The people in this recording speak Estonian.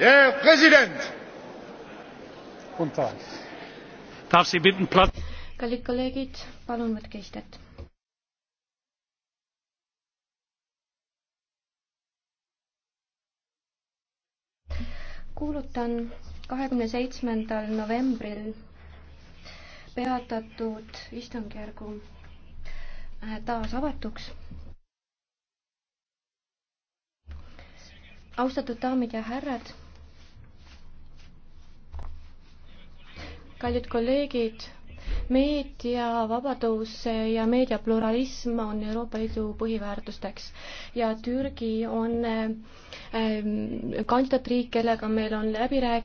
herr präsident! kallid kolleegid palun võtke istet! kuulutan 27. novembril peatatud istungjärgu äh, taas avatuks. austatud daamid ja härrad kallid kolleegid, meediavabadus ja meediapluralism on Euroopa Liidu põhiväärtusteks ja Türgi on ähm, kandidaatriik, kellega meil on läbirääkimised.